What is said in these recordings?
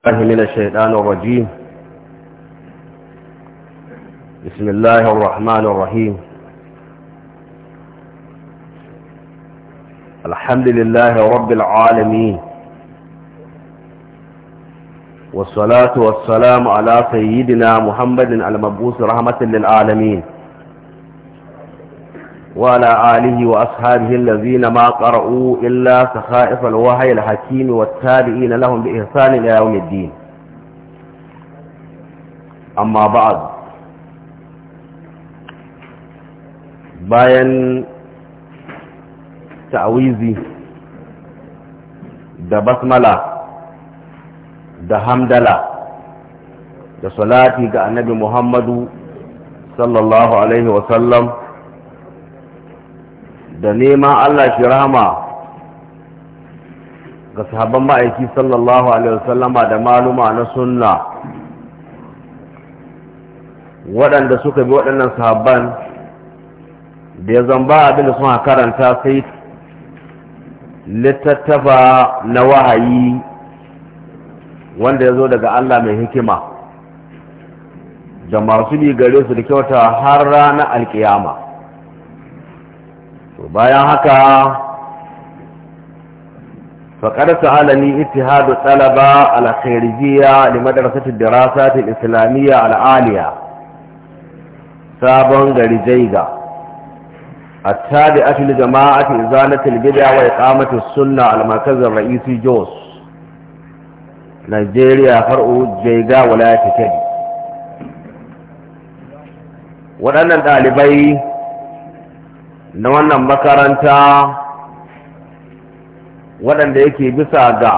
الله من الشيطان الرجيم بسم الله الرحمن الرحيم الحمد لله رب العالمين والصلاة والسلام على سيدنا محمد المبعوث رحمة للعالمين وعلى آله وأصحابه الذين ما قرؤوا إلا سخائف الوحي الحكيم والتابعين لهم بإحسان إلى يوم الدين أما بعد باين تعويذي ده بسملة ده حمدلة ده صلاتي ده النبي محمد صلى الله عليه وسلم da neman Allah shi rahama ga sahabban ma'aiki sallallahu alaihi wasallama da maluma na sunna waɗanda suka bi waɗannan sahabban da ya zamba abin da suna karanta sai littattafa na wahayi wanda ya zo daga Allah mai hikima da masu bi gare su da kyauta har ranar alkiyama bayan haka faƙar sa'alani iti hadu tsalaba alakairijiya da madarasatun dirasatun islamiyya al'aliya sabon gari jaiga a tabi a fili jama'a ta izanatun gida wa ya kamatar suna almakazin ra'isi jos nigeria far'o jaiga wala ya fi waɗannan ɗalibai na wannan makaranta waɗanda yake bisa ga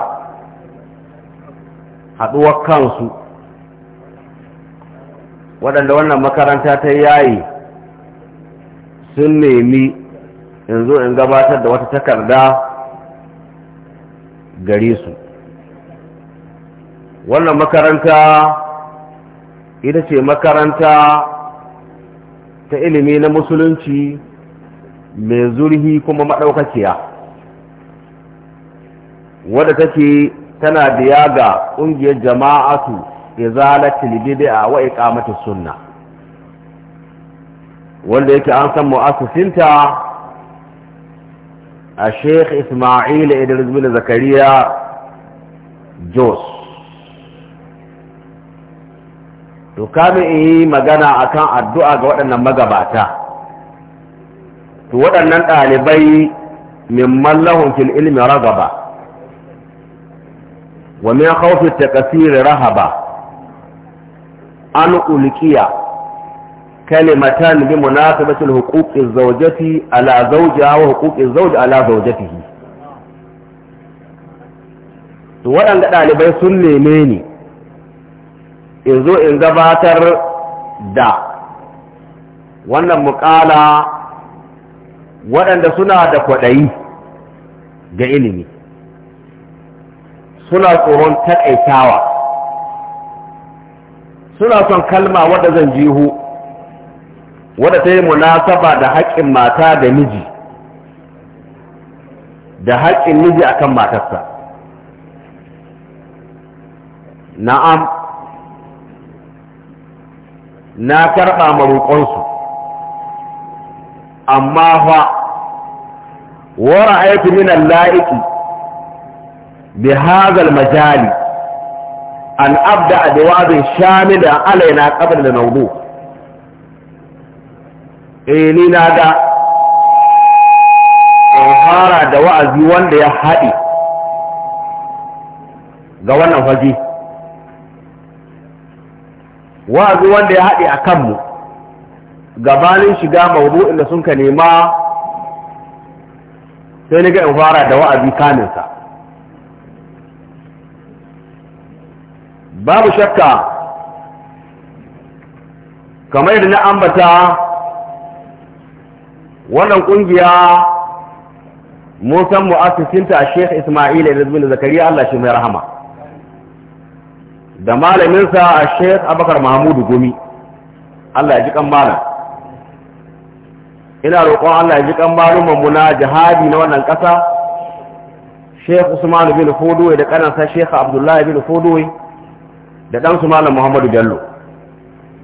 haɗuwar kansu waɗanda wannan makaranta ta yayi sun nemi in zo in gabatar da wata takarda gare su wannan makaranta ita ce makaranta ta ilimi na musulunci mai zurhi kuma maɗaukaciya wadda take tana biya ga ƙungiyar jama'atu izalatul a wa iqamatus sunna wanda yake an san mu'assasinta a Sheikh Isma'il Idris bin Zakariya Jos to kamin in yi magana akan addu'a ga waɗannan magabata to waɗannan ɗalibai min mallahun fil ilmi ragaba wa min khawfi takasiri rahaba an ulqiya kalimatan bi munasabati huquqi zawjati ala zawjiha wa huquqi zawji ala zawjatihi to waɗanda ɗalibai sun neme ni in zo in gabatar da wannan muƙala waɗanda suna da kwaɗayi ga ilimi suna tsoron taƙaitawa suna son kalma wadda zan jihu wadda ta yi munasaba da haƙƙin mata da miji da haƙƙin miji akan matarsa na'am na karɓa maruƙonsu amma fa wa ra'aytu min al-la'iqi bi hadha al-majali an abda bi wa'din shamil alaina qabla al-mawdu eh ni na ga fara da wa'azi wanda ya haɗe ga wannan faji wa'azi wanda ya haɗe a kanmu gabanin shiga mawdu'in da sun ka nema sai na ga in fara da wa'azi kaminsa babu shakka kamar da na ambata wannan kungiya mun san mu'assisinta a Sheikh Ismail Ibn Zakariya Allah shi mai rahama da malaminsa a Sheikh Abakar Mahmud Gumi Allah ya ji kan malam ina roƙon Allah ya ji kan mu na jihadi na wannan ƙasa Sheikh Usman bin Fodowe da kanansa Sheikh Abdullah bin Fodowe da dan su Malam Muhammadu Bello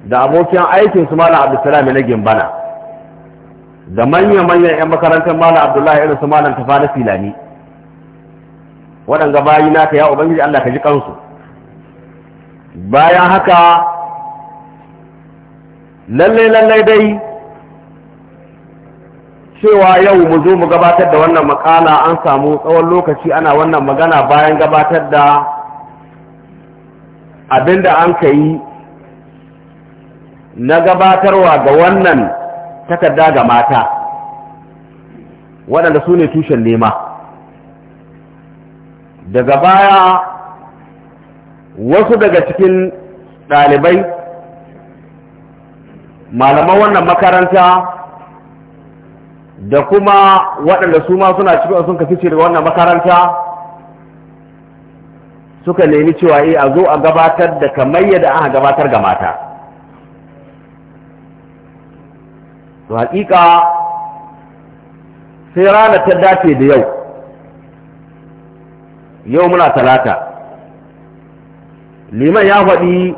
da abokin aikin su Malam Abdulsalam na Gimbana da manyan manyan ƴan makarantar Malam Abdullah irin su Malam Tafani Filani waɗanda bayi naka ya ubangiji Allah ka ji kansu bayan haka lallai lallai dai cewa yau mu zo mu gabatar da wannan makala an samu tsawon lokaci ana wannan magana bayan gabatar da abinda an ka na gabatarwa ga wannan takarda ga mata waɗanda su ne tushen nema daga baya wasu daga cikin ɗalibai malaman wannan makaranta da kuma waɗanda su ma suna cikin sun kafi daga wannan makaranta suka nemi cewa yi eh, a zo a gabatar da kamar yadda aka gabatar ga mata to hakika sai rana ta dace da yau yau muna talata liman ya faɗi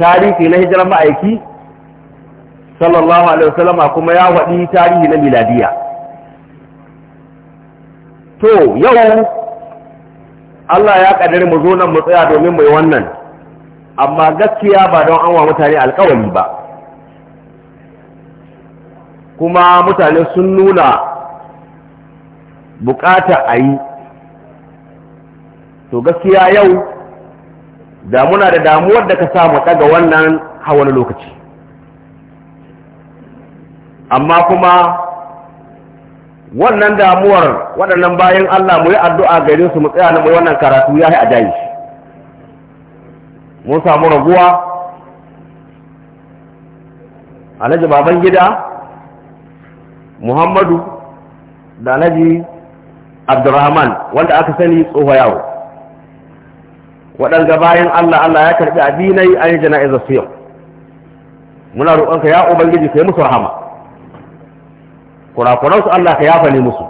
tarihi na hijirar ma'aiki sallallahu alaihi kuma ya faɗi tarihi na miladiya to yau Allah ya kaddare mu zo nan mu tsaya domin mai wannan amma gaskiya ba don an wa mutane alkawari ba kuma mutane sun nuna bukata a yi to gaskiya yau damuna da damuwar da ka samu ɗaga wannan hawan lokaci amma kuma wannan damuwar waɗannan bayan Allah mu yi addu'a gari su mu tsaya na mai wannan karatu ya yi a jayi mun samu raguwa alhaji baban gida muhammadu da alhaji abdurrahman wanda aka sani tsoho yawo Waɗanda bayan Allah Allah ya karɓi abinai an yi jana'izar su yau muna roƙonka ya ubangiji ka musu rahama kurakuransu Allah ka yafa ne musu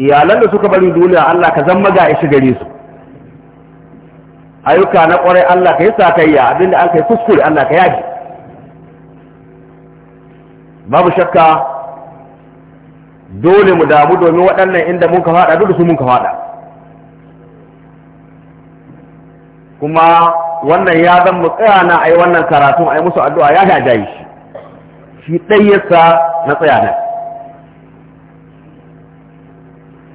iyalan da suka bari duniya Allah ka zama ga ishi gare su ayyuka na kwarai Allah ka yi sakayya abinda an kai kuskure Allah ka yaji babu shakka dole mu damu domin waɗannan inda mun ka faɗa duk su mun ka faɗa kuma wannan ya zan mu tsaya na ai wannan karatun a ai musu addu'a ya gajaye shi shi ɗayyarsa na tsaya nan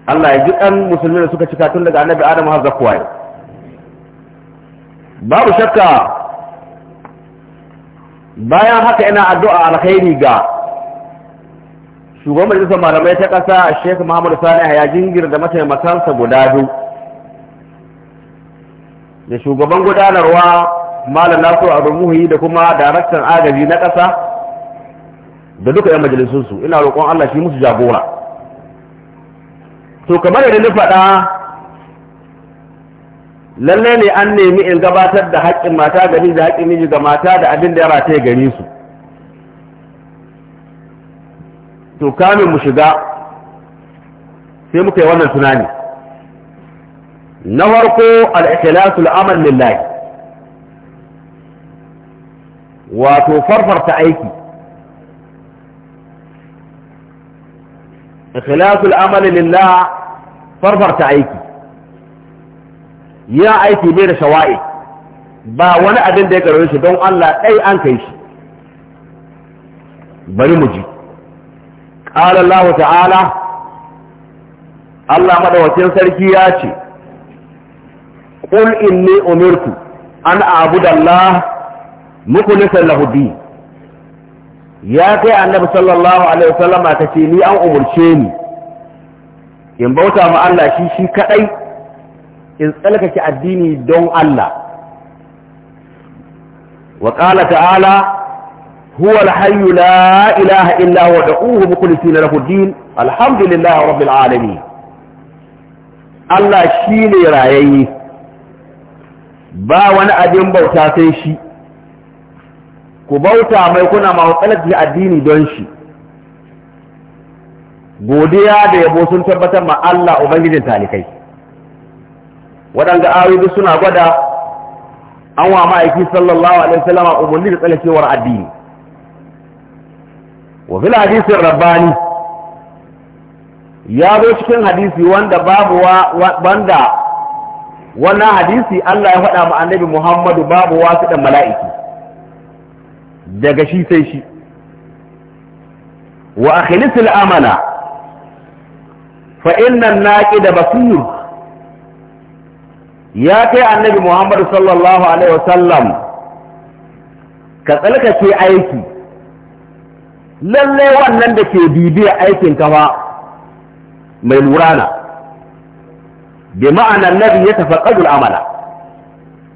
Allah ya ji ɗan musulmi da suka cika tun daga annabi Adam har zakuwa yau babu shakka bayan haka yana addu'a alkhairi ga shugaban majalisar malamai ta ƙasa Sheikh Muhammadu Sani ya jingir da mataimakansa guda biyu da shugaban gudanarwa Malam Nasiru Abdul da kuma daraktan agaji na ƙasa da duka yan majalisunsu ina roƙon Allah shi musu jagora to kamar da na faɗa lalle ne an nemi in gabatar da haƙƙin mata gari da haƙƙin miji ga mata da abin da ya rataye gare su to kamin mu shiga sai muka yi wannan tunani na farko al-ikhlasu lillahi wato farfarta aiki ikhlasul amali na farfarta aiki ya aiki bai da shawa'i ba wani abin da ya karo shi don Allah ɗai an kai shi bari mu ji qala Allah ta'ala Allah madawacin sarki ya ce qul inni umirtu an abu Allah mukhlishan lahu din ya kai annabi sallallahu alaihi wasallam ka ce ni an umurce ni in bauta ma Allah shi shi kadai in tsalkake addini don Allah wa qala ta'ala huwa al-hayy la ilaha illa huwa da'uhu mukhlisina lahu din alhamdulillahi rabbil alamin Allah shi ne rayayye ba wani abin bauta sai shi ku bauta mai kuna mahaukalar da addini don shi godiya da yabo sun tabbatar ma Allah ubangijin talikai waɗanda ayyuka suna gwada an wa ma'aiki sallallahu alaihi wasallam umarni da tsallakewar addini wa fil hadisin rabbani ya zo cikin hadisi wanda babu banda wannan hadisi Allah ya faɗa ma annabi Muhammadu babu wasu da mala'iki daga shi sai shi wa fa'in amala fa inna naqida basir ya kai annabi Muhammad sallallahu alaihi wasallam ka tsalkace aiki lalle wannan da ke bibiyar aikin ka mai lurana bi ma'anar nabi ya tafi amala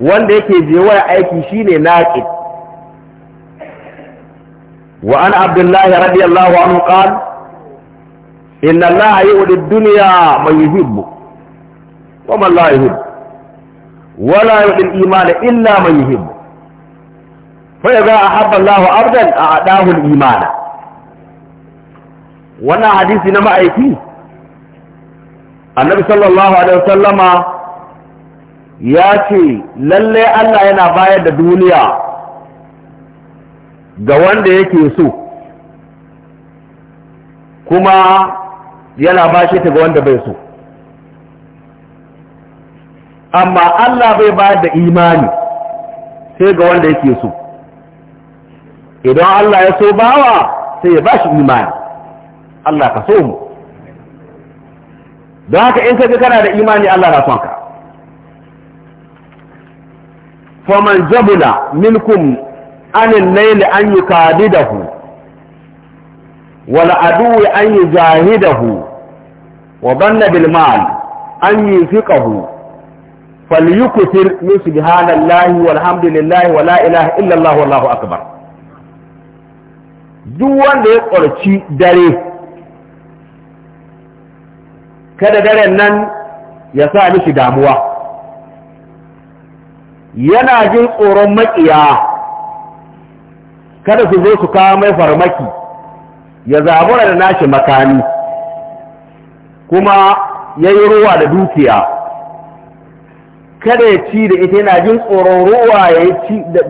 wanda yake je aiki shine naqid وعن عبد الله رضي الله عنه قال إن الله يؤذي الدنيا من يحب ومن لا يحب ولا يؤذي الإيمان إلا من يحب فإذا أحب الله عبدا أعطاه الإيمان وانا حديث نما أيتي النبي صلى الله عليه وسلم ياتي للي الله ينا بايد الدنيا ga wanda yake so kuma yana bashi ta ga wanda bai so amma Allah bai ba da imani sai ga wanda yake so idan Allah ya so bawa sai ya ba shi imani Allah ka so mu don haka in sai kana da imani Allah na son ka faman jabula minkum anin laili an yi da hu wani aduwi an yi da hu wa banna bil an yi fiqahu falyukutir min subhanallahi walhamdulillahi wala ilaha illa allah wallahu akbar duk wanda ya ƙorci dare kada daren nan ya sa mishi damuwa yana jin tsoron maƙiya kada su zo su kawo mai farmaki ya zabura da nashi makami kuma ya yi ruwa da dukiya kada ya ci da ita yana jin tsoron ruwa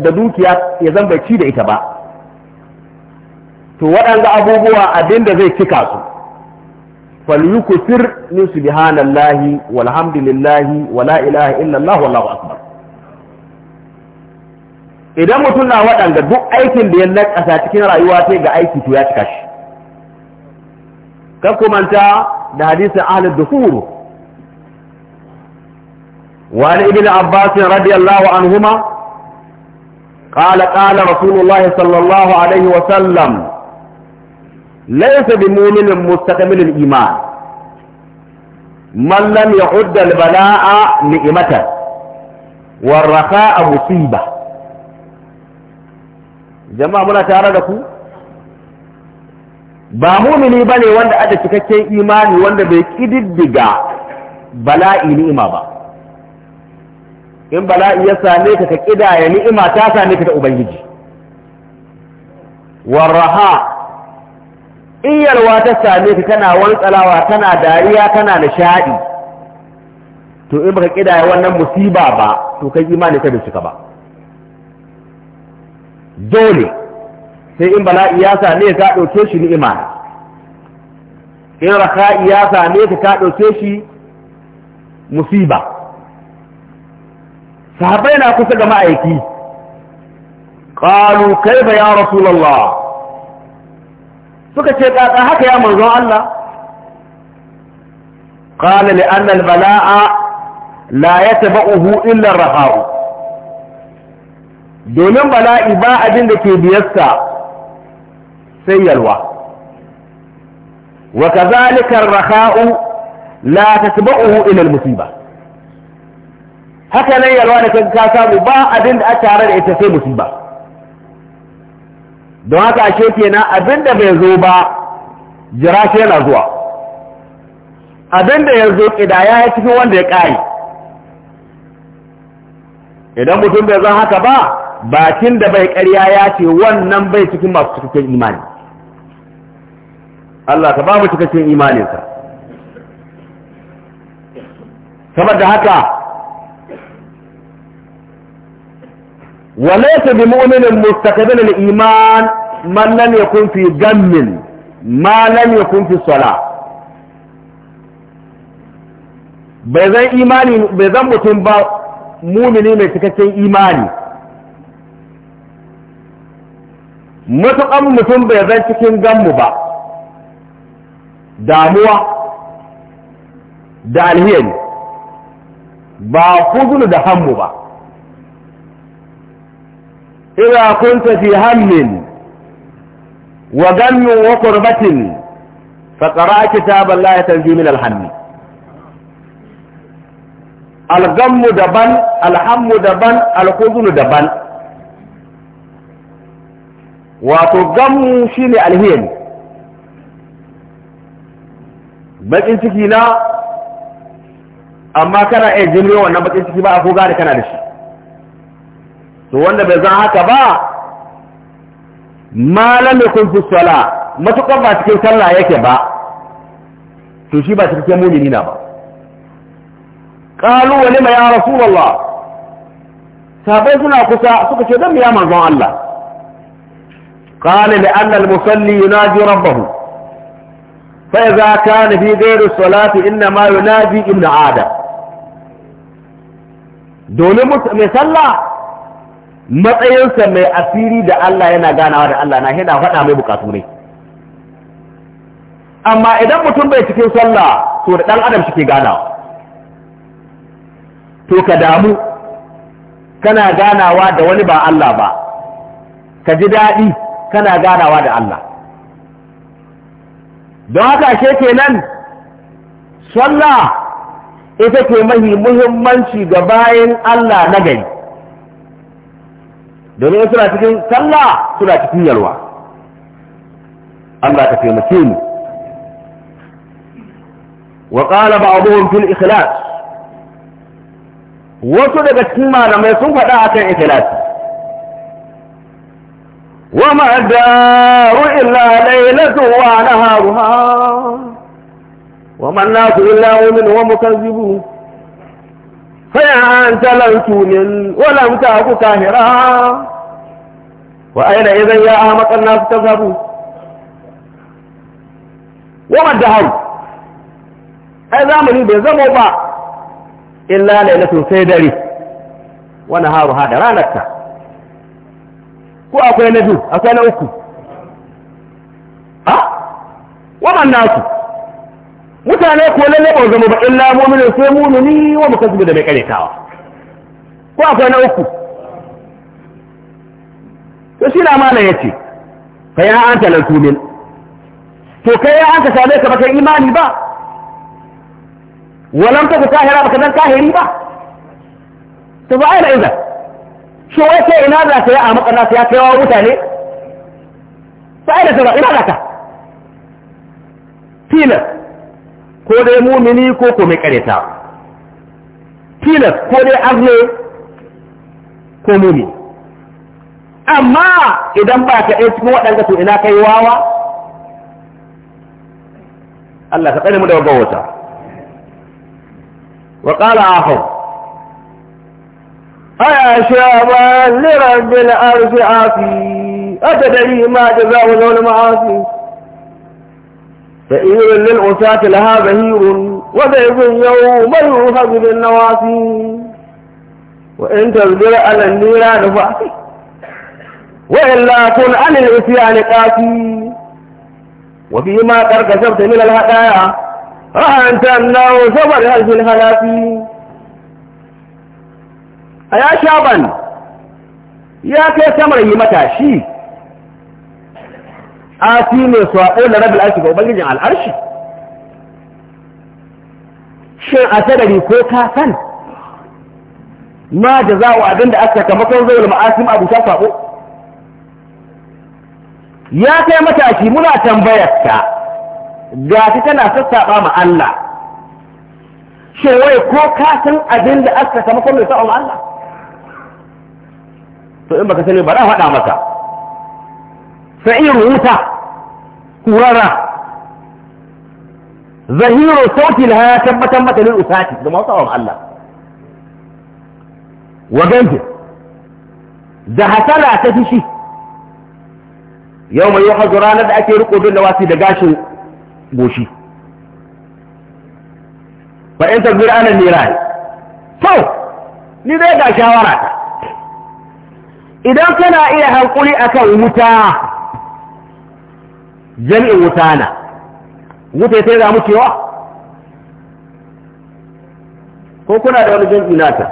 da dukiya ya zan bai ci da ita ba to waɗanda abubuwa abinda zai cika su falyukusir min subhanallahi walhamdulillahi wala ilaha illallah wallahu akbar idan mutum na waɗanda duk aikin da ya naƙasa cikin rayuwa sai ga aiki to ya cika shi kan ku manta da hadisin ahlul dukhur wa an ibn abbas radiyallahu anhuma qala qala rasulullah sallallahu alaihi wa sallam laysa bi mu'minin mustaqbilul iman man lam yu'dda al bala'a ni'matan wal rakha musibah jama'a muna tare da ku ba mumini bane wanda ada cikakken imani wanda bai kididdiga bala'i ni'ima ba in bala'i ya same ka ka kidaya ni'ima ta same ka ta ubangiji warraha in ta same ka kana wantsalawa tana dariya kana nishaɗi, to in baka kidaya wannan musiba ba to kai imani ka bai cika ba dole sai in bala'i ya same ka ɗauke shi ni'ima in raka'i ya same ka ka ɗauke shi musiba sahabai na kusa ga ma'aiki ƙalu kai ba ya rasulallah suka ce ƙaƙa haka ya manzon Allah ƙalali annal bala'a la ya taba'uhu illar rafa'u domin bala'i ba abin da ke biyarsa sai yalwa wa ka zalikar rakhau la tatba'uhu ila ilal musiba haka nan yalwa da ka samu ba abin da a tare da ita sai musiba don haka ashe kenan abin da bai zo ba jira shi yana zuwa abin da ya zo ƙidaya ya cikin wanda ya kare idan mutum bai zan haka ba bakin da bai ƙarya ya ce wannan bai cikin masu cikakken imani Allah ka ba mu cikakken imaninsa saboda haka bi بمؤمن mustakabin الإيمان من لم يكن fi gammin ما ya kun fi الصلاة bai zan imani bai zan mutum ba mumini mai cikakken imani matuƙan mutum bai zan cikin ganmu ba damuwa da alhiyari ba kuzulu da hannu ba ina kun tafi hannun wa gannun wa kurbatin faƙara kitabar layatar juminal hannu al-gammu daban daban alhammu daban al daban wato gamu shi ne alheri bakin ciki na amma kana iya jimre wannan bakin ciki ba a koga da kana da shi to wanda bai zan haka ba lalle kun fi sala matuƙar ba cikin sallah yake ba to shi ba cikin mumini na ba ƙalu wani mai ya rasulallah sabai suna kusa suka ce don ya manzon Allah قال لأن المصلي ينادي ربه فإذا كان في غير الصلاة إنما ينادي ابن عادة دون مسلى matsayinsa mai asiri da Allah yana ganawa da Allah na yana faɗa mai bukatu ne amma idan mutum bai cikin sallah to da ɗan adam shi ke ganawa to ka damu kana ganawa da wani ba Allah ba ka ji daɗi kana ganawa da Allah don haka ke kenan sallah ita ke mahi muhimmanci ga bayan Allah na gari domin suna cikin sallah suna cikin yalwa Allah ta taimake mu wa qala ba'dhum fil ikhlas wasu daga cikin malamai sun faɗa akan ikhlas وما الدار إلا ليلة ونهارها وما الناس إلا مؤمن ومكذب فيا أنت لم تولل ولم تأك كاهرا وأين إذا يا أعمق الناس تذهب وما الدهر أي زمن بزموا با إلا ليلة سيدري ونهارها درانك ko akwai na biyu akwai na uku Waman waɗannan mutane ko lalle ba zama ba illa mu'minin sai mu'mini wa mukazzibi da mai karetawa ko akwai na uku to shi na mana yace fa ya anta la tumin to kai ya anta sai ka baka imani ba walam ta kahira baka dan tahiri ba to ba ai la idan shi wai sai ina za ta yi a makarna ya kai wa mutane sai da sauran ina za ta tilas ko dai mumini ko ko mai kareta tilas ko dai azne ko mumini amma idan ba ka ɗaya cikin waɗanda to ina kai wawa Allah ka tsare mu da wata wa qala akhar أعشابا لرب العرش عافي أتدري ما جزاء ذو المعاصي سئير للعساة لها بهير وذيب يوم يوهب بالنواسي وإن تصبر على النيران فأتي وإلا كن عن العصيان قاسي وفيما قد كسبت من الهدايا رأى أنت أنه صبر هل في الهلاكي a ya shaban ya kai samar yi matashi a fi ne su a ƙola rabin arshi ga ubangijin al'arshi shin a sadari ko ka san ma da za a abin da aka sakamakon zaune ma'asim abu sha faɓo? ya kai matashi muna tambayar ta ga ta tana sassaɓa ma Allah shi wai ko ka san abin da aka sakamakon mai sa'a ma Allah to in baka sani ba na faɗa maka in wuta kurara zahiru sauti na ya tabbatar mata lil usati da mawsawan Allah wa gambe da hasala ta fishi yau mai yi hazu ranar da ake riko bin da wasi da gashin goshi fa in tabbir ana nira to ni zai ga shawara ta idan kana iya hankuri akan wuta jami'in wuta na wuta sai za mu cewa ko kuna da wani jami'in nata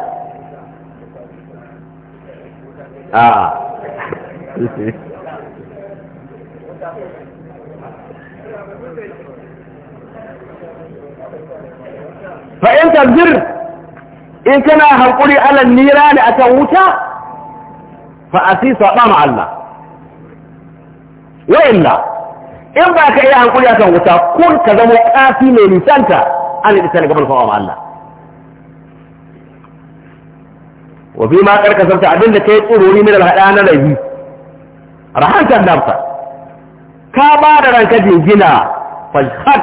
a fa'in tabbir in kana hankuri alan nira ne akan wuta fa'asi saba ma Allah wa'illa in ba ka iya hankuri akan wuta kun ka zama ƙafi mai nisanta an yi isa gaban fa'a ma Allah wa bi ma karkasarta abin da ka yi tsoroni min alhaɗa na rabi rahantar damsa ka ba da ranka jingina fashad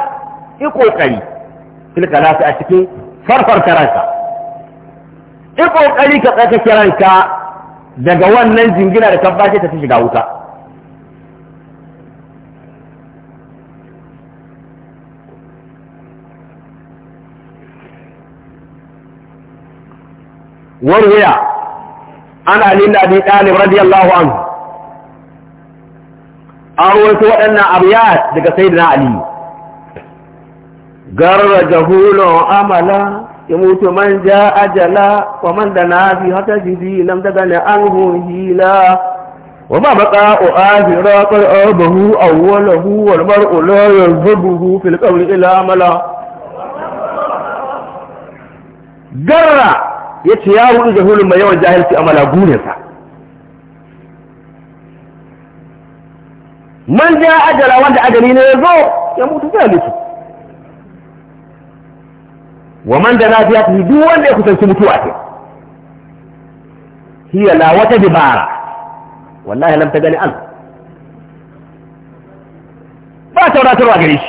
yi ƙoƙari tilka lafi a cikin farfar karanka yi ƙoƙari ka tsaka kiranka Daga wannan jinginan da ta bashi ya tafi shiga wuta. Wani ana aliluwa da ni dalibai da yallahu amma. waɗannan aure daga saida na aliyu. Garba jahulen amala. يموت من جاء أجلا ومن دنا في هتجدي لم تدن عنه هيلا وما بقاء آخرة قد أبه أوله والمرء لا يذهبه في القول إلى ملا جرى يتياه الجهول ما jahulun الجاهل في jahilci amala من جاء أجل وانت أجلين يزور يموت ذلك ومن ذا لافيا في دول يكتنسي متواتي هي لا وتجبارة والله لم تدني أنت فاتوا لا تروا قريش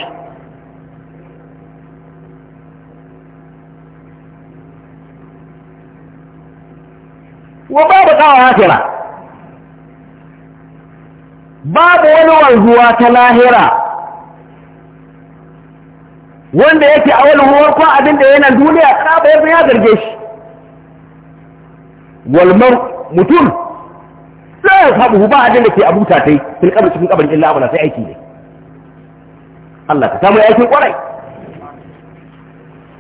وبابا قاوة هاترة بابا ولو الهواة لاهرة wanda yake a wani warko abin da yana duniya kaba yanzu ya zarge shi walmar mutum sai ya sabu ba abin da ke abuta ta yi fil kabri cikin kabarin illa na sai aiki ne Allah ka samu aikin kwarai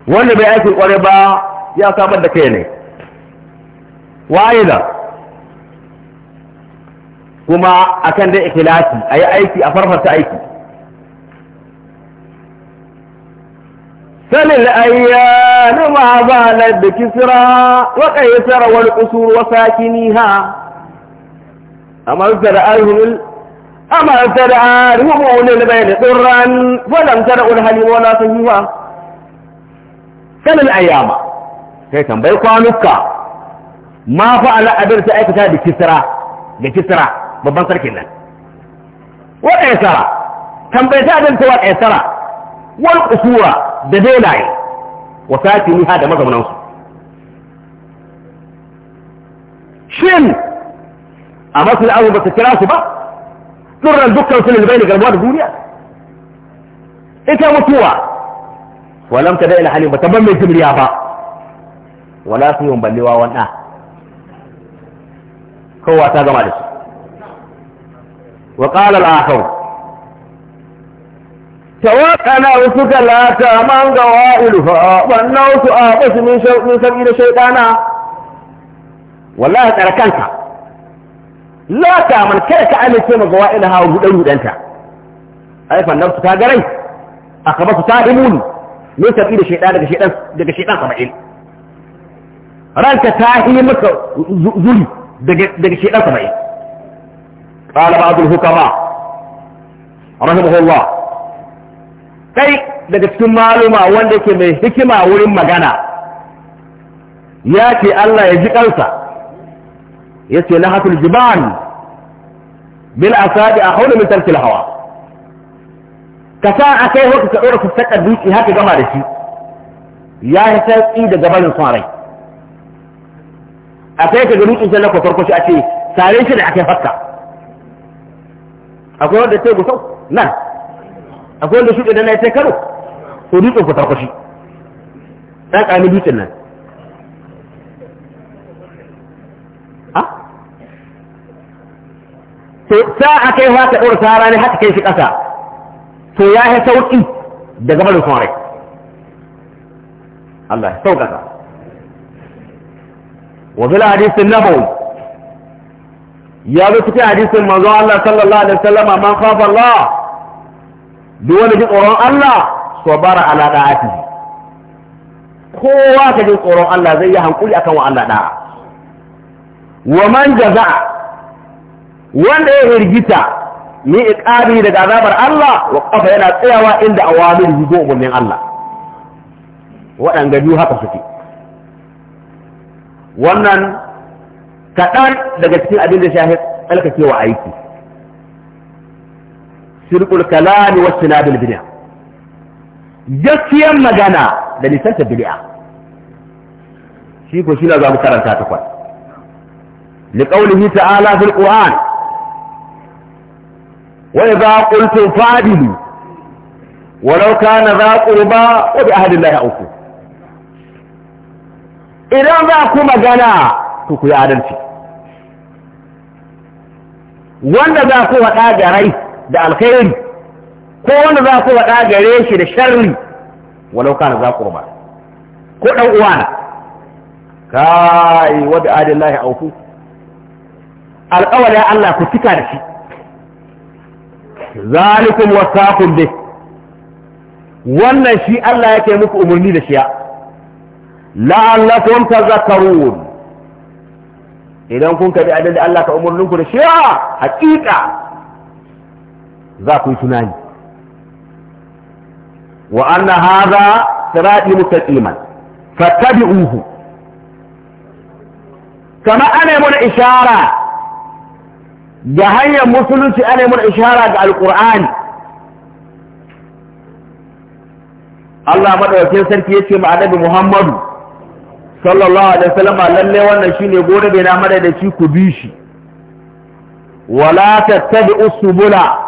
wanda bai aikin kwarai ba ya samar da kai ne wa'ida kuma akan da ikhlasi ayi aiki a farfarta aiki فللأيام ما ظالت بكسرى وقيسر والقصور وساكنيها أما ترى أهل أما ترى أهل البيت قرا ولم ترى أهل ولا صهيوة فللأيام كي كان بيقوى نكا ما فعل أبير سأكتها بكسرى بكسرى ببنصر كنا وقيسر كان بيتها بنتوى قيسرى والقصورة da dolaye wa satiniha da mazaunansu shin a masu al'amu ba su kira su ba tsurran dukkan su lullubai da garbuwa da duniya ita mutuwa walam ta da'ila halin ba ta ban mai jimriya ba wala su yin ballewa wanda kowa ta gama da su wa qala al توكنا وسوك لا تامان قوائلها وانو سؤابس من شو من سبيل شيطانا والله تركنك لا تامان كيك عمل سيما قوائلها وقلو دانتا اي فالنفس تاقري اقبس تاهمون من سبيل شيطان دك شيطان دك شيطان قبعين رانك تاهي مك زولي دك شيطان قبعين قال بعض الهكرا رحمه الله kai daga cikin maluma wanda ke mai hikima wurin magana ya ce Allah ya ji kansa ya ce na hatul jiban bil asadi a haunin mitarki hawa ka sa a kai haka ka ɗora fuskar dutse haka gama da shi ya yi sarki da gabanin sarai a kai ka gani dutsen sai na shi a ce sare shi da a kai fakka akwai wanda ce gusau nan akwai wanda shuɗe da na sai karo ko dutsen ku tarkwashi ɗan ƙaramin dutsen nan to sa a kai haka ɗora sara ne haka kai shi ƙasa to ya yi sauƙi daga barin son rai Allah ya sauƙaƙa wa fil hadisin nabawi ya zo cikin hadisin manzo Allah sallallahu alaihi wasallama man khafa Allah duk wanda ji tsoron Allah bara ala da'ati kowa ka ji tsoron Allah zai yi hankuli akan wa Allah da'a wa man jaza wanda ya hirgita ni iqabi daga azabar Allah wa kafa yana tsayawa inda awamir yi go umurnin Allah waɗanda biyu haka suke wannan kaɗan daga cikin abin da shahi tsalkacewa aiki sirqul kalam wa tinadul bid'a gaskiyar magana da nisanta bid'a shi ko shi na za mu karanta takwas liqaulihi ta'ala fil qur'an wa idza qultum fadilu walau na za qurba wa bi ahdillahi uku. idan za ku magana to ku yi adalci wanda za ku faɗa da rai da alkhairi ko wanda za ku faɗa gare shi da sharri walau kana za ku ba ko ɗan uwana kai wa bi adillahi auku ya Allah ku cika da shi zalikum wasaqum bih wannan shi Allah yake muku umarni da shiya la'allakum tazakkarun idan kun kabi abin da Allah ka umarninku da shiya hakika za ku yi tunani wa anna hadha sirati mustaqiman fattabi'uhu kama ana ishara da hanyar musulunci ana ishara ga alqur'ani Allah madaukakin sarki yace ma annabi Muhammadu sallallahu alaihi wasallam lalle wannan shine gore bai na madaidaci ku bi shi wala tattabi'us subula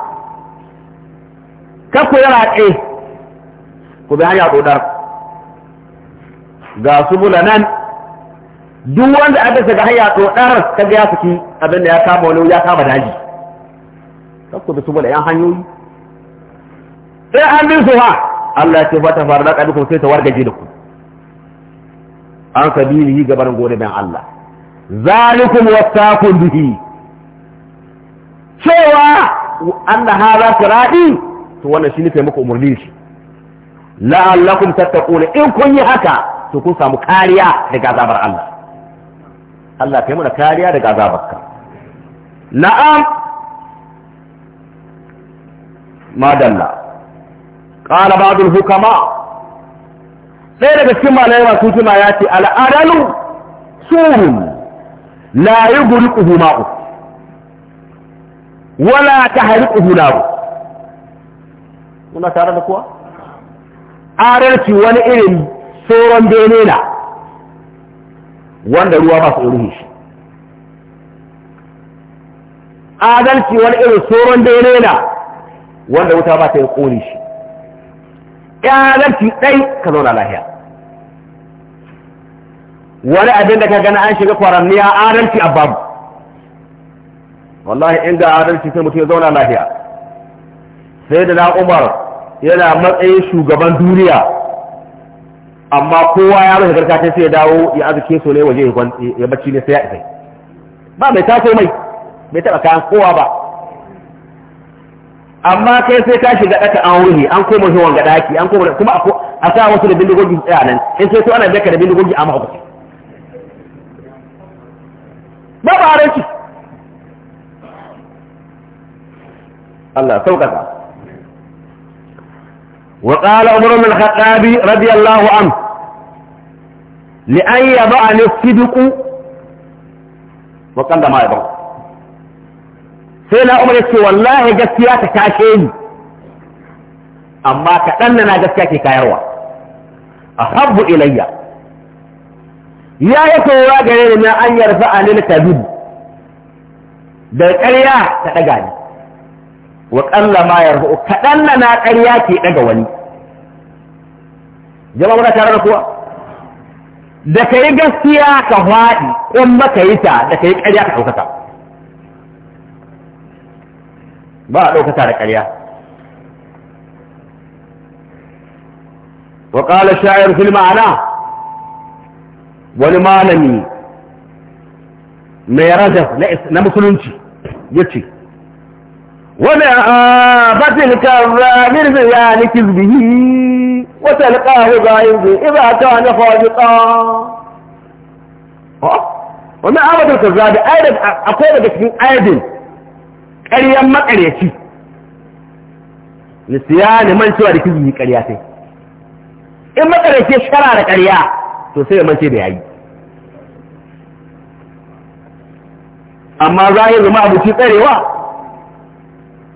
ku yi raƙe ku bi hanya ɗodar ga su bula nan duk wanda a bisa ga hanya ɗodar ka ya suki abinda ya kama wani ya kama daji kakku bi su bula yan hanyoyi sai an bi su ha Allah ce fata faru da ƙarfi sai ta wargaje da ku an sabili gabar gode bayan Allah zalikum wasaqu bihi cewa anna hadha raɗi. to wannan shi nufe muku umarni shi la'allakum tattaquna in kun yi haka to kun samu kariya daga azabar Allah Allah kai mana kariya daga azabarka na'am madalla qala ba'dul hukama sai daga cikin malamai masu tuna ya ce al'adalu surun la yughriquhu ma'u wala tahriquhu naru kuna tare da kuwa adalci wani irin tsoron bene na wanda ruwa ba su ruhe shi adalci wani irin tsoron bene na wanda wuta ba ta yi kone shi adalci ɗai ka zauna lahiya wani abin da ka gana an shiga kwaranniya adalci a babu wallahi inda adalci sai mutum ya zauna lahiya sai da na umar yana matsayin shugaban duniya amma kowa ya rufe garkata sai ya dawo ya azuke so ne waje ya bacci ne sai ya isai ba mai taso mai mai taɓa kayan kowa ba amma kai sai ka shiga daka an rufe an koma shi wanga ɗaki an koma kuma a sa wasu da bindigogi tsaya nan in sai so ana baka da bindigogi a mahaukaci ba ba ranci Allah sauƙaƙa وقال عمر بن الخطاب رضي الله عنه لأن يضعني الصدق وقال ما يضع سيدنا عمر يقول والله جسيات كاشين أما كأننا جسيات كايروا أحب إلي يا يتوى قليل ما أن يرفعني لكذب بالقرية تتقاني وقلما يرفعوا كأننا قرياتي لقواني جمع مرة ترى ركوة دكا يقسيا كفائي أمة كيسا دكا يقعيا كحوكتا ما لو كتارك عليا وقال الشاعر في المعنى ولمانني ما يرجف لا نمسلنشي يتشي وبعافة الكذاب بيان كذبه وتلقاه ضعيف إذا كان صادقا wannan abadar ka zaɓi ayyadar akwai daga cikin ayyadin ƙaryan makaryaci nisiya ne mancewa da kizumi ƙarya sai in makaryaci shara da ƙarya to sai ya mance da yayi amma za ya zama abuci tsarewa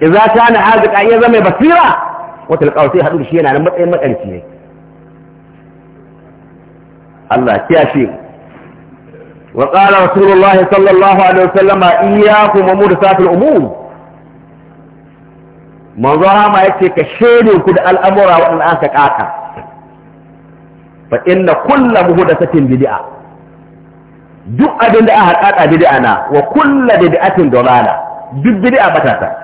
Iza idza kana hazika iya zama basira Wata tilqaw sai hadu shi yana nan matsayin makarci ne Allah kiya shi wa qala rasulullahi sallallahu alaihi wasallam iyyakum wa safin umur manzo ya ce ka shede ku da al'amura waɗanda an ka kaka fa inna kullu muhdathatin bid'a duk abin da aka kaka bid'a na wa kullu bid'atin dalala duk bid'a batata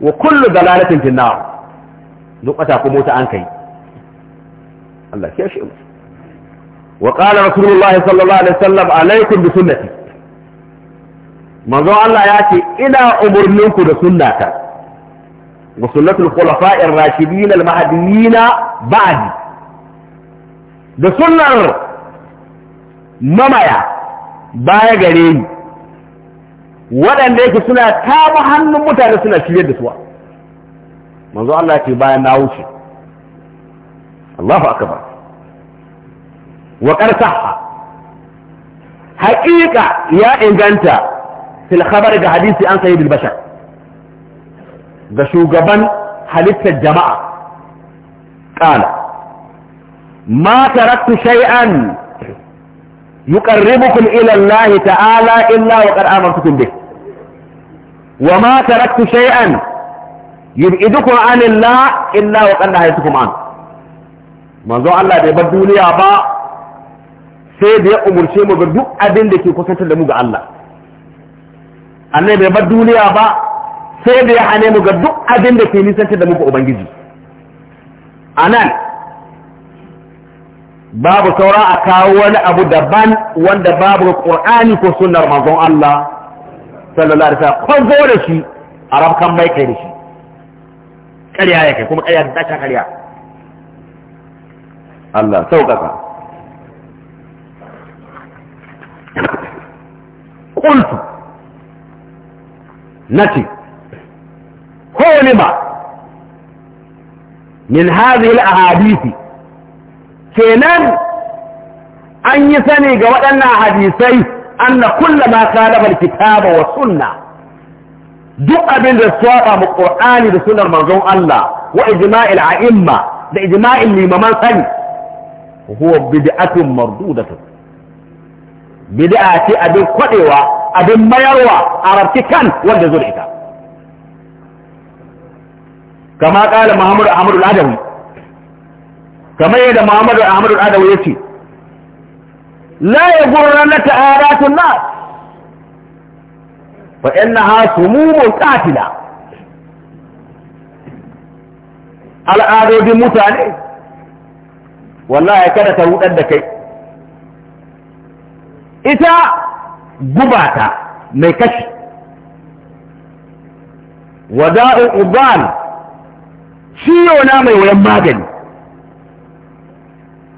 wa kullu dalalatin fi nar duk wata kuma ta an kai Allah ya shi wa qala rasulullah sallallahu alaihi wasallam alaikum bi sunnati manzo Allah ya ce ina umurninku da sunnata wa sunnatul khulafa'i ar-rashidin al-mahdiyyin ba'di da sunnar mamaya baya gare ni waɗanda yake suna kama hannun mutane suna shirye da suwa manzo Allah ce bayan na wuce Allahu akbar wa qarsaha haqiqa ya inganta fil khabar ga hadisi an sayyid bil bashar ga shugaban halittar jama'a qala ma taraktu shay'an yuqarribukum ila ilallahi ta'ala illa wa qad amartukum bih wa ma taraktu shay'an yub'idukum an Allah illa wa an manzo Allah bai bar duniya ba sai da ya umurce mu ga duk abin da ke kusantar da mu ga Allah annabi bai bar duniya ba sai da ya hane mu ga duk abin da ke nisantar da mu ga ubangiji anan babu saura a kawo wani abu daban wanda babu qur'ani ko sunar manzon Allah sallallahu alaihi wasallam kon zo da shi arab kan mai kai da shi ƙarya ya kai kuma ƙarya ta ta ƙarya Allah sauƙaƙa qultu nati ko lima min hadhihi al ahadithi kenan an yi sani ga waɗannan hadisai anna kulla ma kalaba kitaba wa sunna duk abin da saba mu qur'ani da sunar manzon Allah wa ijma'il a'imma da ijma'il limaman sani huwa bid'atun mardudatun bid'a ce abin kwadewa abin mayarwa a kan wanda zuri ita kama kala Muhammadu Ahmadu Adawi kamar yadda Muhammadu Ahmadu Adawi yace la yagurrannaka ayatun na fa innaha sumumun qatila al'adodin mutane wallahi kada ta rudar da kai ita gubata mai kashi wada'u uban ciyo na mai wayan magani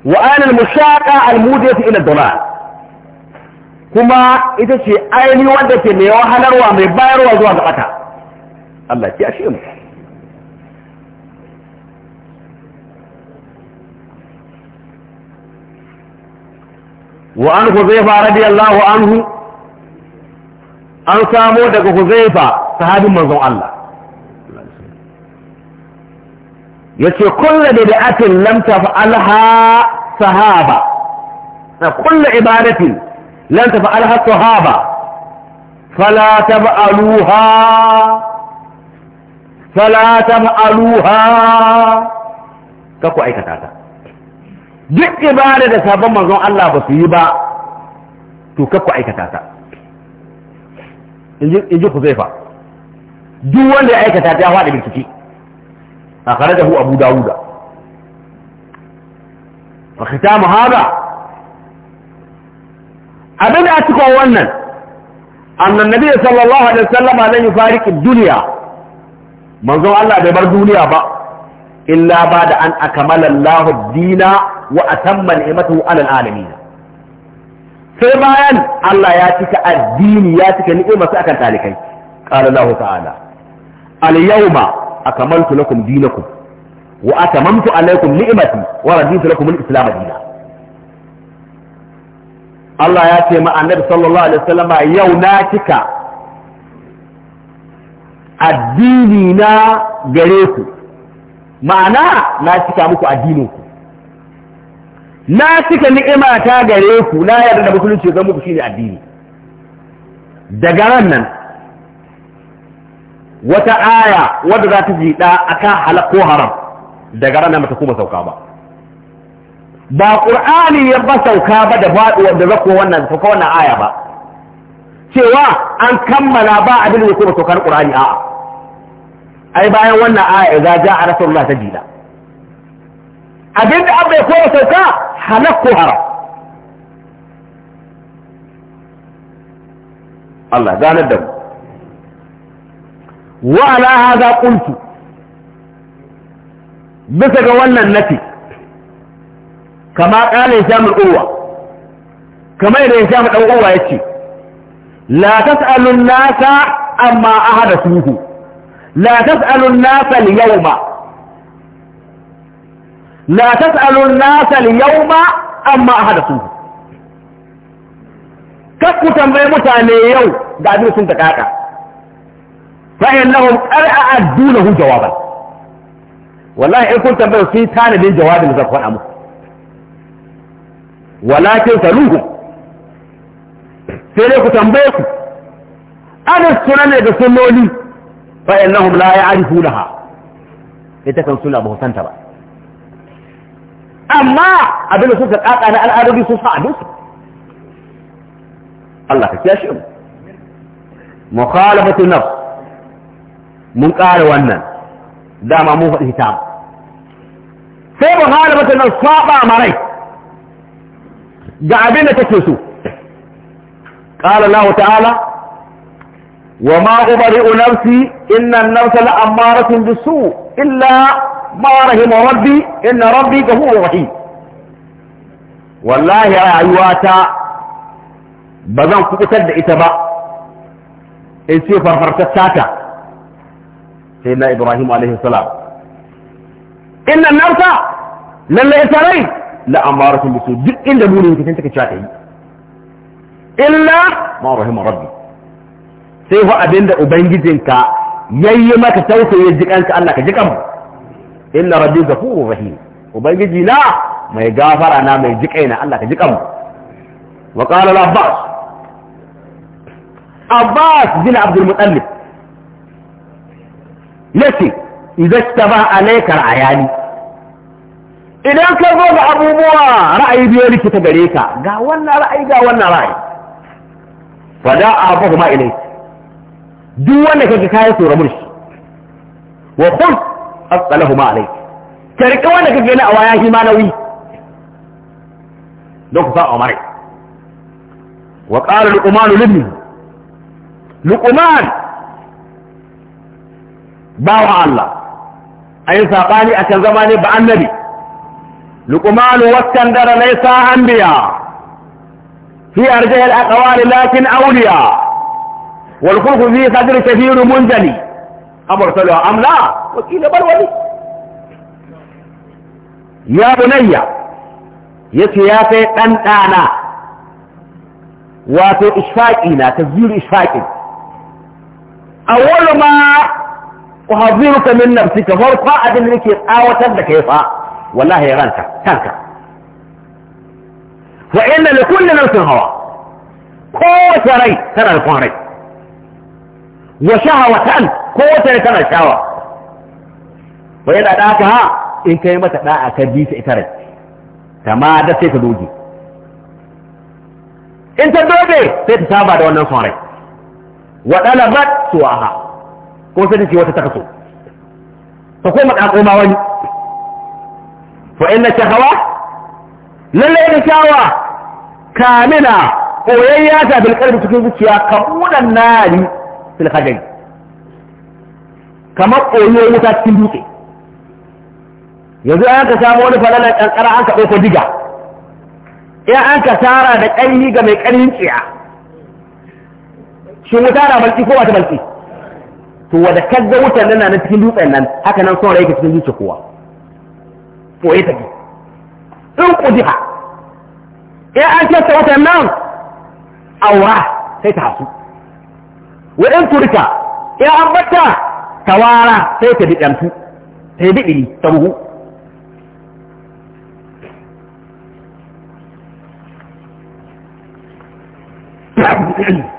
وأنا المشاقة المودية إلى الضلال كما إذا شيء أيني وانت كمي وحلر وامي باير وزوان قطع الله يا شيء وعن خزيفة رضي الله عنه أن سامو دك خزيفة صحابي منظم الله yace kullu bid'atin lam taf'alha sahaba na kulle ibadatin lam taf'alha sahaba fala tab'aluha fala tab'aluha kako aikata ta duk ibada da sabon manzon Allah ba su yi ba to kako aikata ta in ji ku zai fa duk wanda ya aikata ta ya faɗi bincike أخرجه أبو داود وختام هذا أبدا أتكو أولا أن النبي صلى الله عليه وسلم لن يفارق الدنيا منظر الله ببر دنيا با إلا بعد أن أكمل الله الدين وأتم نعمته على العالمين sai bayan Allah ya cika addini ya cika ni'imarsa akan talikai qala Allah ta'ala al yawma akamaltu lakum dinakum wa atamamtu alaykum ni'mati wa raditu lakum al-islam dinan Allah ya ce ma annabi sallallahu alaihi wasallam yau na cika addini na gare ku ma'ana na cika muku addinin ku na cika ni'ima ta gare ku na yarda da musulunci zan muku shine addini daga ran nan wata aya wadda za ta jiɗa a kan halak ko haram daga ranar mata kuma sauka ba ba ƙur'ani ya ba sauka ba da faɗuwar da zakko wannan sauka wannan aya ba cewa an kammala ba abin da kuma saukar ƙur'ani a'a ai bayan wannan aya za ja a rasulullah ta jiɗa abin da abu ya kuma sauka halak ko haram Allah ganar da mu wa ala hadha qultu bisa ga wannan nafi kama qala hisham al-urwa kama da hisham dan urwa yace la tas'alu an-nasa amma ahadathuhu la tas'alu an-nasa al-yawma la tas'alu an-nasa al-yawma amma ahadathuhu kakku tambaye mutane yau ga abin sun ta kaka فإنهم قد أعدوا له جوابا والله إن كنت تنبغي في تاني من جواب المزرقون أمر ولكن سلوهم سيريك تنبغيكم أنا السنن بسنولي فإنهم لا يعرفونها لتكن سنة أبو سنتبا أما أبنى سنة الآن أنا الآن أبنى سنة الله كيف يشعر مخالفة النفس mun ƙara wannan dama mun faɗi ta sai ba hana mata nan saba marai ga abin da take so ƙala lahu ta'ala wa ma ubari unarsi inna nausa la'amaratun bi su illa ma rahimu rabbi inna rabbi ga huwa rahim wallahi rayuwa ta ba zan kubutar da ita ba in ce farfarta سيدنا إبراهيم عليه السلام إن النار لن يسرين لا أمارة بسوء دك إن دبوني يمكن تنتك تشاتي إلا ما رحم ربي سيفا أبين دا أبنجزنك ييما كتوت يجيك أنك أنك جكم إن ربي غفور رحيم أبنجزي لا ما يغافر أنا ما يجيك أين أنك جكم وقال الأباس أباس بن عبد المطلب a laikar a ayani idan ka zo ga abubuwa ra'ayi biyo likita gare ka ga wannan ra'ayi ga wannan ra'ayi fa a abu kuma ilai duk wanda kake kayan tsoro mulki wa kun asalahu ma alai ka riƙe wanda kake na awaya shi ma nauyi don ku sa umar wa qala luqman libni luqman bawa Allah a yi saɓani a can zama ne ba annabi lukumanu waskan dara laisa an biya fi arjihar akawari lakin auliya والخلق فيه قدر كثير منجلي أمرتلها أم لا وكيل بل ولي يا بني يتي يا في قنطانا وفي إشفاقنا تزيل إشفاقنا أول ما أهضرك من نفسك فرقا أدن لك آوتا لك يطاء والله يغانك تنك فإن لكل نفس هوا قوة ري تنى القهري وشهوة تن قوة ري تنى الشهوة فإن أداكها إن كيما تتناء كبيس إترج كما دسيت دوجي إن تدوجي تتسابع دون القهري وطلبت سواها ko sai da ce wata ta kaso ta koma kakoma wani fa inna shahawa lalle da shawa kamina koyayya ta bil qalbi cikin zuciya kamunan nari fil khajari kamar koyo wuta cikin dutse yanzu an ka samu wani falalar ƙanƙara an ka ɗauko diga in an ka tara da ƙarni ga mai ƙarnin tsiya shin wuta na balki ko ba ta balki to wanda kaga wutar nan na cikin dutsen nan haka nan son rai ka cikin zuciya kowa ko ta tafi in kudiha in an ta wutar nan aura sai ta hasu wa in turka in an bata tawara sai ta bidantu sai bidiri ta ruhu Thank you.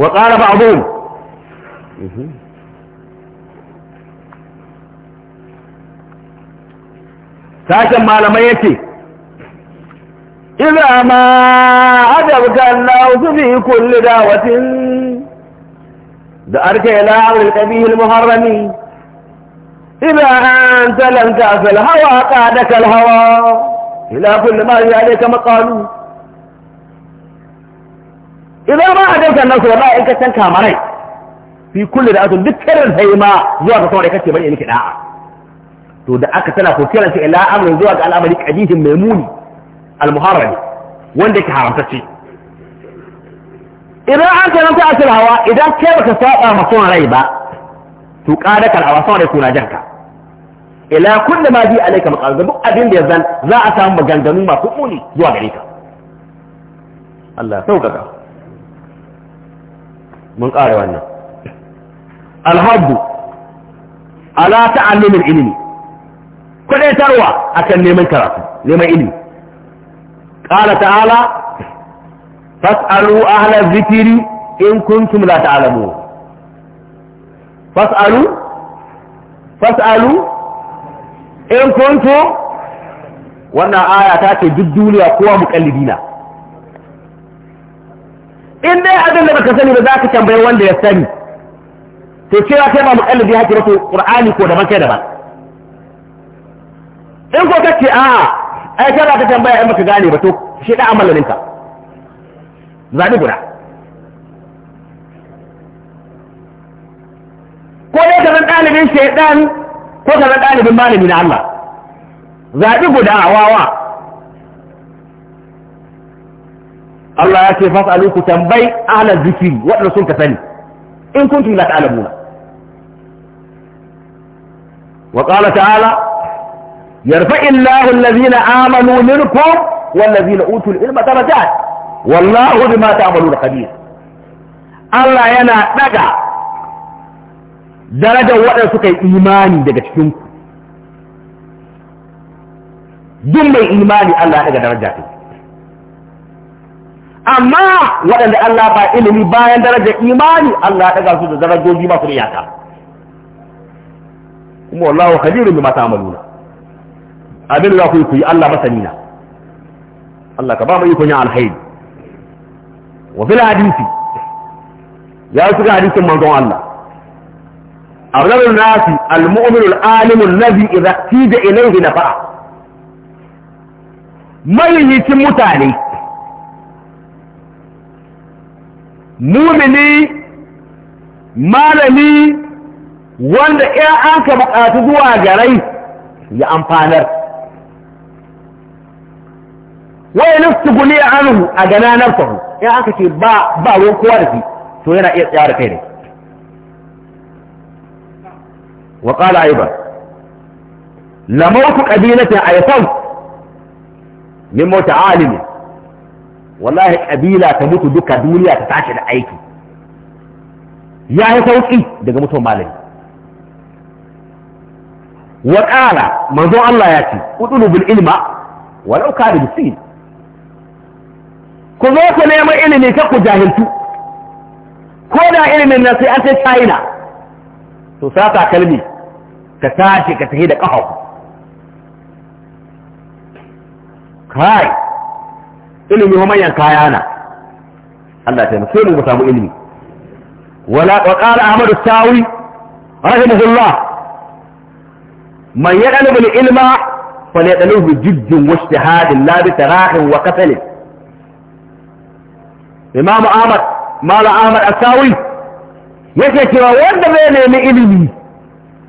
وقال بعضهم ساشن مالما يتي إذا ما أدبك الناس في كل دعوة دارك إلى عمر القبيه المهرمي إذا أنت لم تأفل هوا قادك الهوى إلى كل ما يليك مقالوك idan ba a daukan nasu wala in ka tanka marai fi kulli da duk kiran sai ma zuwa ga saurayi kace bari in ki da'a to da aka tana ko kiran sai ila amrin zuwa ga al'amari qadihin maimuni al-muharrami wanda haramta haramtacce idan an karanta asir hawa idan ke baka saba ma son rai ba to kada kal hawa son rai kuna janka ila kullu ma bi alayka maqal duk abin da yazan za a samu maganganu masu muni zuwa gare ka Allah sauƙaƙa mun ƙara wannan alhaddu ala ta'allumin ilimi kwadaitarwa akan neman karatu neman ilimi ƙara ta'ala fas'alu ahla zikiri in kuntum la ta'lamu fas'alu fas'alu in kuntum wannan aya ta ce duk duniya kowa muƙallidina in dai abin da baka sani ba za ka tambayi wanda ya sani to cewa kai ba mukallabi haki ba to qur'ani ko daban kai daban in ko kace a, ai kana ka tambaya in baka gane ba to shi da amalin ka zabi guda ko dai ka zan dalibin shaydan ko ka zan dalibin malami na Allah zabi guda wawa Allah ya ce fas'alu ku tambayi ahla zikri waɗanda sun ka sani in kuntum la ta'lamuna wa qala ta'ala yarfa'i Allahu alladhina amanu minkum والذين أوتوا العلم درجات والله بما تعملون خبير Allah yana daga darajar waɗanda suka yi imani daga cikinku, duk mai imani Allah ya daga daraja ta amma waɗanda Allah ba ilimi bayan darajar imani Allah ya ɗaga su da darajoji masu iyaka kuma wallahu khabirun bima ta'maluna abin da ku yi Allah masani na Allah ka ba mu ikon yin alkhairi wa fil hadisi ya su ga hadisin manzon Allah أغلب الناس المؤمن العالم الذي إذا احتيج إليه نفعه ما يهيتم متعليه mumini malami wanda ya an ka zuwa garai ya amfanar wai su guni a anhu a gananar fahu ya aka ce ba ba ruwan kowa da shi to yana iya tsara kai ne wa kala aiba lamautu qabilatin aysan min mota alimin wallahi kabila ta mutu duka duniya ta tashi da aiki ya yi sauki daga mutum malami wa ƙara manzo Allah ya ce udulu bil ilma walau ka da ku zo ku neman ilimi ka ku jahiltu ko da ilimin nan sai an sai china to sata kalmi ka tashi ka tafi da kafa kai ilimi ho manyan kaya na Allah ta sai mu samu ilimi wala wa qala ahmadu sawi rahimahullah man yadalbu ilma fa yadalbu jiddin wa ijtihadin la bi tarahin wa kasal imam ahmad mala ahmad asawi yake cewa wanda bai nemi ilimi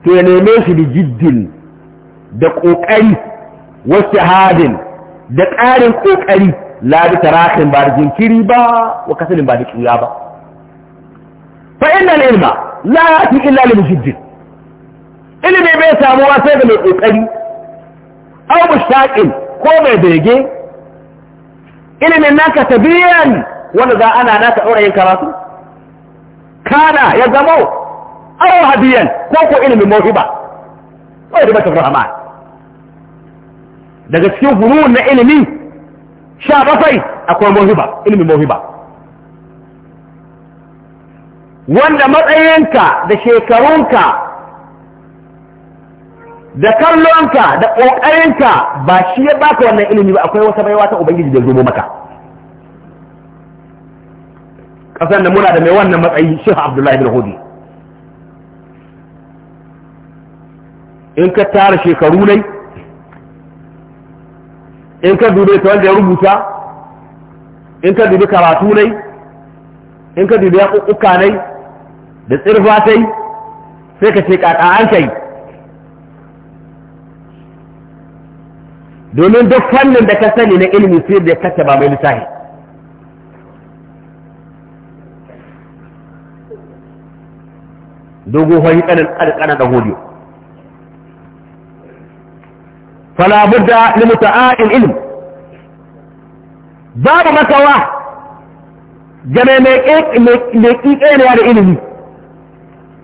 to ya neme shi da jiddin da kokari wa ijtihadin da ƙarin kokari لا بتراخم بارجين كريبا وكسل بارجين كريبا فإن العلم لا يأتي إلا لمجدد إلي بيبيسا مواسيق من القلي أو مشتاكل كوما يبيجي إلي من ناكا تبيا ونذا أنا ناكا أوري الكراسي كان يزمو أو هديا كوكو إلي من موهبة ويبيبيسا فرحمان دقى تشوفونون إلي مين sha bakwai akwai mohiba ilimin mohiba wanda matsayinka da shekarunka da kallonka da ƙoƙarinka ba shi ya baka wannan ilimi ba akwai wata baiwa ta ubangiji da zubo maka ƙasar da muna da mai wannan matsayi shi abdullahi bin hudi in ka tara shekaru nai in ka dube ta wanda ya rubuta in ka dubi karatu nai in ka dubi yaƙuƙuka nai da tsirfa ta sai ka ce ƙaƙa an kai domin duk fannin da ka sani na ilimi sai da ya ba mai dogo dogon hanyar ƙanan da hodiyo فلا بد لمتعاء العلم باب مكوى جمع ميكيك اين يعني من إيه-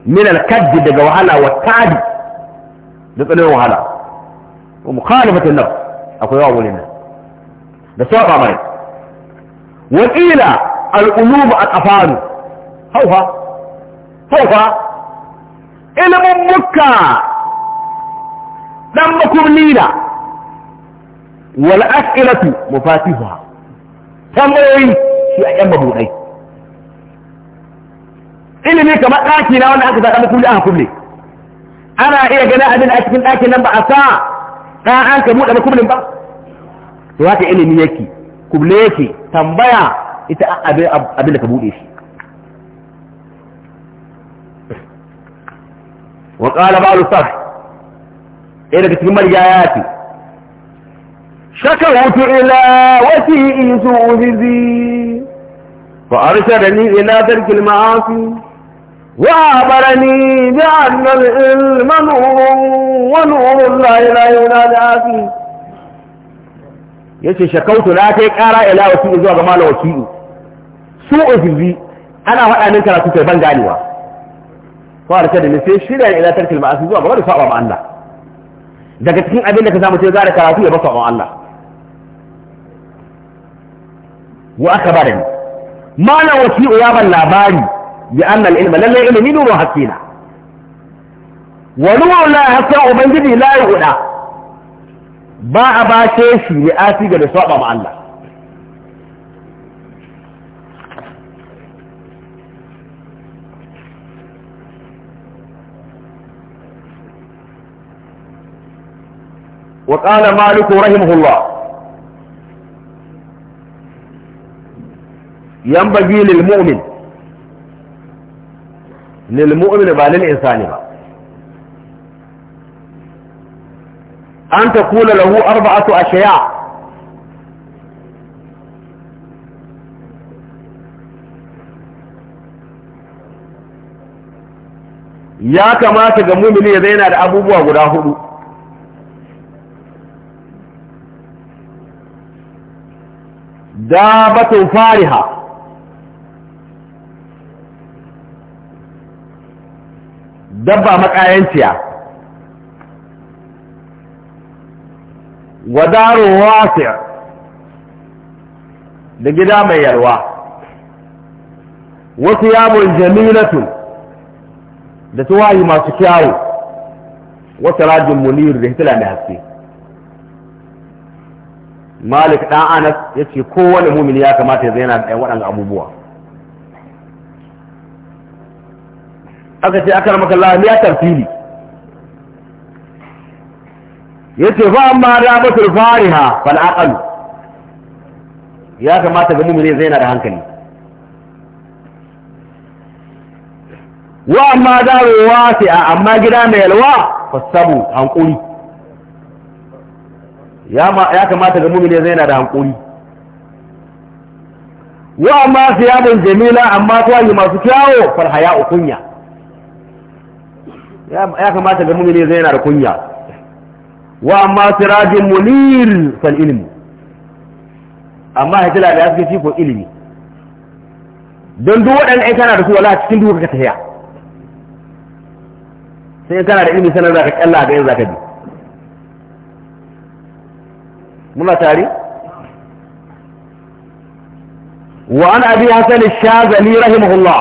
إيه- إيه الكد دقى وهلا والتعدي لطلعه هلا ومخالفة النفس أقول يوم لنا لسوق عمري وقيل القلوب الأفان هوها هوها إلم مكة دمكم لينا والأسئلة مفاتيحها تمري إيه؟ شيء أيام مبوضي إلي ليك ما آكينا وانا أكتا دمكم لأهم كم لي أنا إيا قناة أدن أسكن آكينا نبع أساء قاعان كمو دمكم لنبع سواك إلي ميكي كم ليكي تنبيع إتا أبي لك بوضيش وقال بعض الصرح ɗaya daga cikin marya ya ce shakar wutu ila wasi isu uzizi Wa arshadani ila tarkil ma'asi وأخبرني بأن العلم نور ونور لا إله إلا فيه yace shakautu na kai ƙara ila wakili zuwa ga malam wakili su ofili ana faɗa min karatu kai ban ganewa ko da ni ne sai shirya ila tarkil ma'asi zuwa ga wani saba ma daga cikin abin da ka samu sai zara karatu ya a Allah wa aka da ni malam wasi'u ya ban labari bi annal ilma lallai ilmi nuru hakina wa nuru la hakka ubangiji la yuda ba a bashe shi ne asiga da saba ma Allah وقال مالك رحمه الله ينبغي للمؤمن للمؤمن بل للإنسان با أن تقول له أربعة أشياء ya kamata ga mumini ya zaina da abubuwa guda hudu dabatun fariha dabba makayanciya wadarun wasi da gida mai yarwa, wasu yabon jamilatu da tuwayi masu kyawu wata rajin munir da hitila mai haske malik dan anas ya ce kowane mumini ya kamata ya zaina da waɗanda abubuwa aka ce aka ramaka Allah ya tarfili ya ce fa amma da batul fariha fal aqal ya kamata ga mumini zaina da hankali wa amma da wasi'a amma gida mai yalwa fasabu hankuri ya kamata ga mumini zai na da hankuri wa amma siyabin jamila amma tuwayi masu kyawo farhaya o kunya ya kamata ga mumini zai na da kunya wa amma sirajin munir fal ilmi amma hitila da ya suke shi ko ilimi don duk waɗanda ai kana da su wala cikin duka ka tafiya sai kana da ilimi sanar da ka kyalla ga yin zaka bi muna tare wa an abi hasan ash-shazali rahimahullah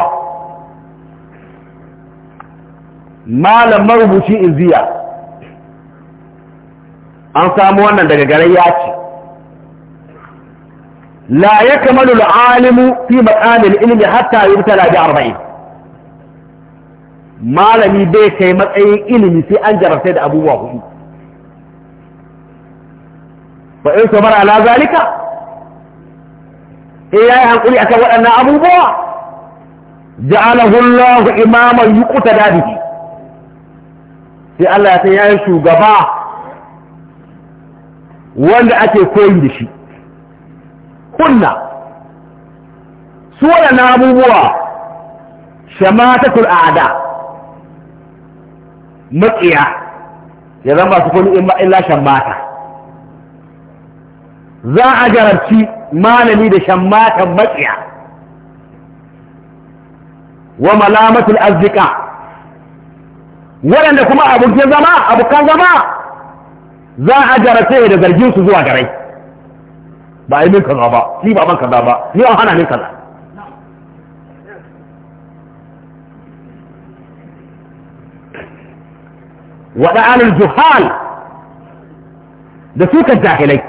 malam marubuci iziya an samu wannan daga garin ya ce la yakmalu al-alimu fi maqamil ilmi hatta yubtala bi arba'in malami bai kai matsayin ilimi sai an jarabta da abubuwa hudu ba in so ala zalika Eh ya yi hankuli akan waɗannan abubuwa ja'alahu Allahu imaman yuquta dadi sai Allah ya san yayi shugaba wanda ake koyi da shi kunna su waɗannan abubuwa shamatatul a'da maƙiya ya zama su in ma illa shamata za a jarabci malami da shammatan matsiya wa malamatul arzika waɗanda kuma abokin zama abokan zama za a jarace da zargin su zuwa garai ba yi min kaza ba ni ba man kaza ba ni an hana min kaza waɗa'anar juhal da sukan jahilai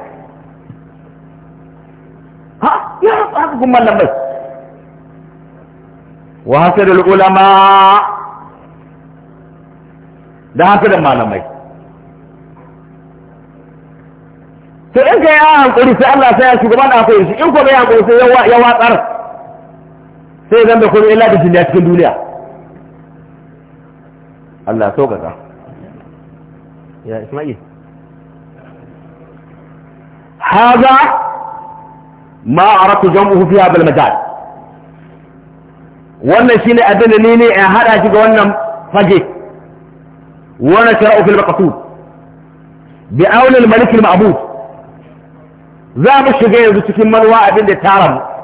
ya haka kun malamai wa hasadul ulama da hasadul malamai to in ka yi hankuri sai Allah sai ya shugaban da akwai shi in ko bai hankuri sai ya watsar sai zan da kuma illa da jiniya cikin duniya Allah sauƙaƙa ya Ismail haza ma aratu jam'uhu fi hadal majal wannan shine abin da ni ne in hada shi ga wannan fage wannan shar'u fil maqsud bi aulil malik al ma'bud za mu shiga yanzu cikin manwa abin da tara